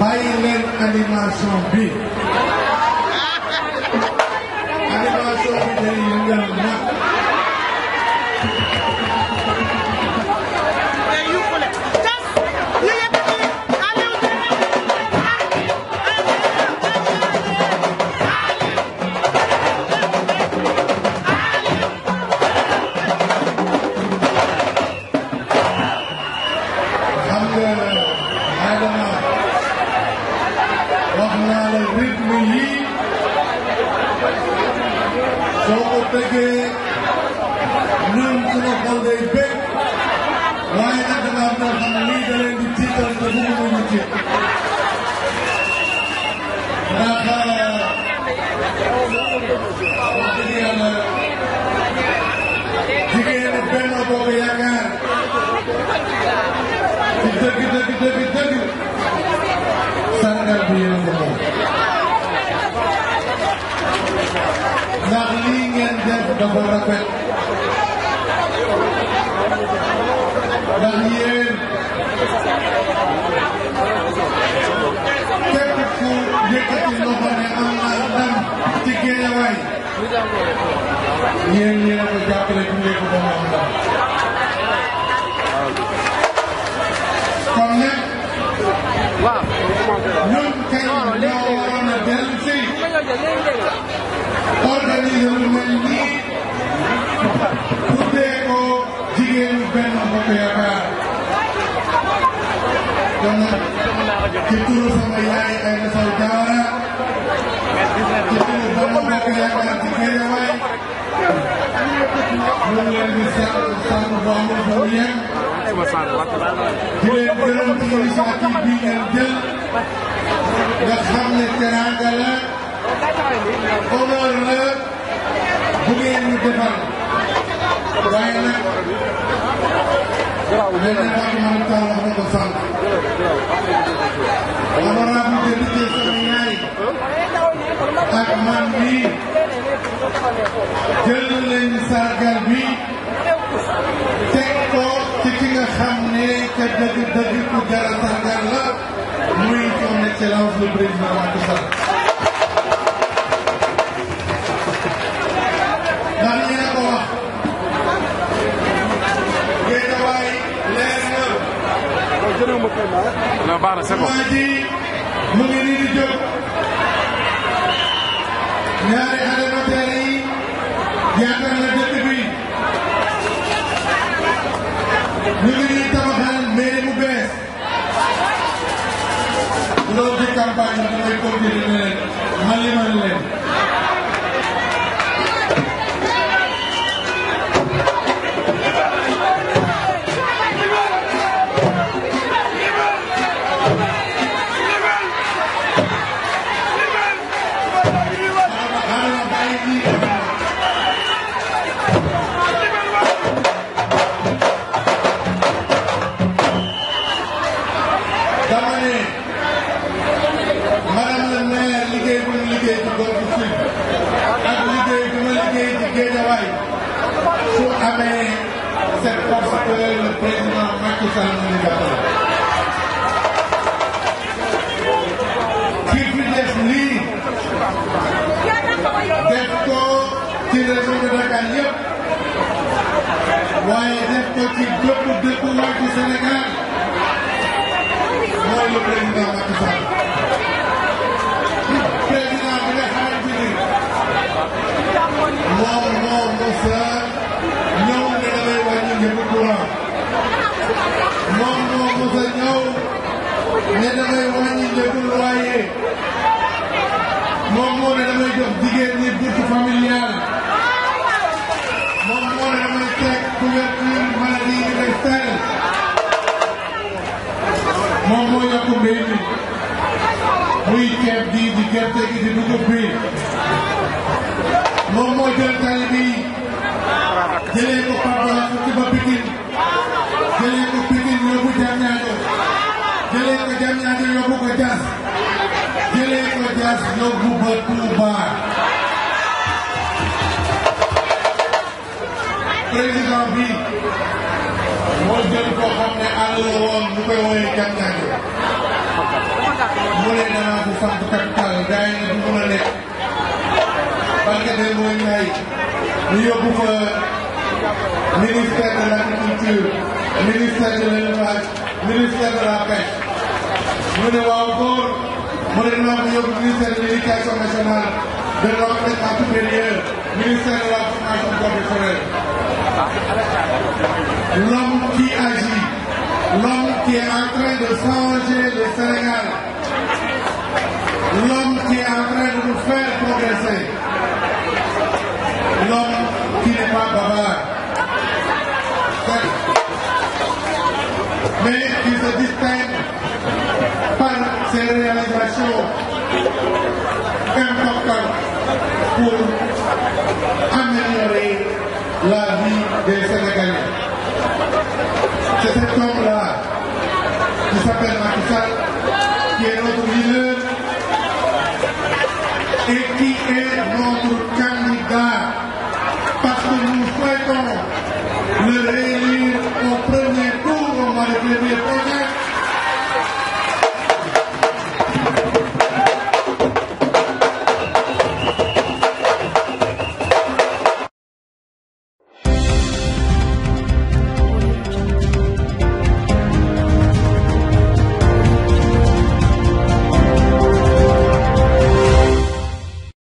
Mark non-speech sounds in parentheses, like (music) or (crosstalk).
bàyyi leen animation bi (laughs) animation bi day yëngal na ndax lii ngeen def dafa rafet ndax yéen képp ku yëkkati loxo ne am naa ndam ci géejawaay yéen yéen ko jàppale bu nekk ba mu am ndam kon nag ñun kay ci turu sama yaay ay na saw jaara ci turu sama mbokk yaakaar ci xëy waay ñu ngi leen di sant sant bu am bu yem di leen gërëm ci initiative bi ngeen jël nga xam ne teranga la honneur la bu ngeen ñu defal waaye nag nee na daal man taw wax na ko sànq. honorable député xam ne ka dëgg dëgg ku dara sargal la muy son excellence le président Macky Sall non baax na c'est bon. mu ngi nii di jóg ñaari xale notaire yi yaakaar na dëkk bi ñu ngi nii tabaxal mairie mu bees loolu ci campagne bi dafay continuer teewaay su amee c'est parce que le président Macky Sall ñu jàppale. kii fi def lii def ko ci région de Dakar yëpp waaye def ko ci bépp dëkkuwaay ci Sénégal mooy le président Macky Sall. Sarr ñëw ne damay wàññi njëgu courant moom moo mos a ñëw ne damay wàññi njëgu loyer moom moo ne damay jox jigéen ñi bourse familiale moom moo ne damay teg couverture maladie universelle moom moo yokk mbéy mi muy ceeb bii di gerte gi di dugub bi moom moo jël bikin jeli ko bikin rebu jamnya ko jeli ko jamnya ko rebu ko jas jeli ko jas rebu batu bar Crazy Gabi Mon jeul ko xamne Allah won mu koy woy jamnya ko mulai dana ko sant kapital day na bu mo la nek barke de moy nay ñu yobbu ko Minister dalam Kultur, Minister dalam Lepas, Minister dalam Pes. Mune Wawakor, mune nama Yog Minister Delegasi Nasional, dan Rakyat Satu Periode, Minister dalam Pemasukan Profesional. L'homme qui agit, l'homme qui est en train de changer le Sénégal, l'homme qui est en train de nous faire progresser, l'homme qui n'est pas bavard, se distingue par ses réalisations importantes pour améliorer la vie des Sénégalais. C'est cet homme-là qui s'appelle Makissal, qui est notre